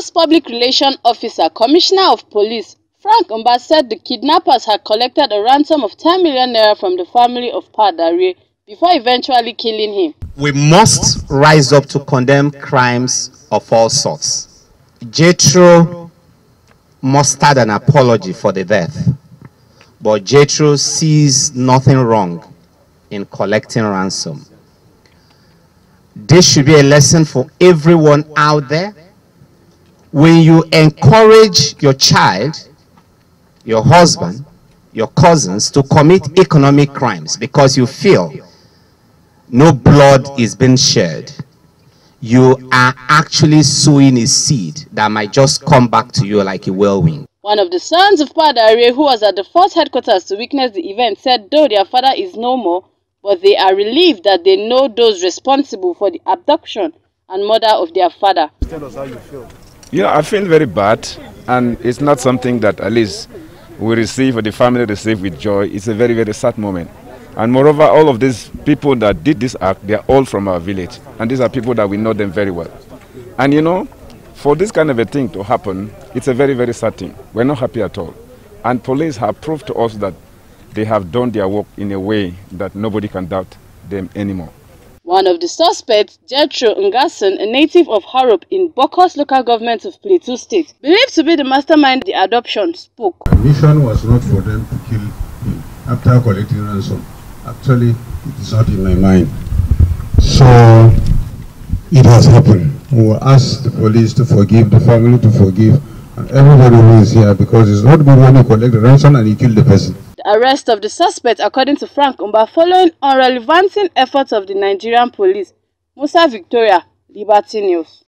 Lagos Public Relations Officer, Commissioner of Police Frank Omba said the kidnappers had collected a ransom of 10 million naira from the family of Padare before eventually killing him. We must rise up to condemn crimes of all sorts. Jethro add an apology for the death, but Jethro sees nothing wrong in collecting ransom. This should be a lesson for everyone out there when you encourage your child, your husband, your cousins to commit economic crimes because you feel no blood is being shed, you are actually sowing a seed that might just come back to you like a whirlwind. One of the sons of Padare who was at the first headquarters to witness the event said though their father is no more, but they are relieved that they know those responsible for the abduction and murder of their father. Tell us how you feel. You know, I feel very bad, and it's not something that at least we receive or the family receive with joy. It's a very, very sad moment. And moreover, all of these people that did this act, they are all from our village. And these are people that we know them very well. And you know, for this kind of a thing to happen, it's a very, very sad thing. We're not happy at all. And police have proved to us that they have done their work in a way that nobody can doubt them anymore. One of the suspects, Jethro Ngason, a native of Harup in Bokos local government of Plateau State, believed to be the mastermind the adoption, spoke. The mission was not for them to kill him after collecting ransom. Actually, it is not in my mind. So, it has happened. We will ask the police to forgive, the family to forgive, and everybody who is here because it's not good when you collect the ransom and you kill the person. arrest of the suspect, according to Frank Umba, following unrelenting efforts of the Nigerian police. Musa Victoria, Liberty News.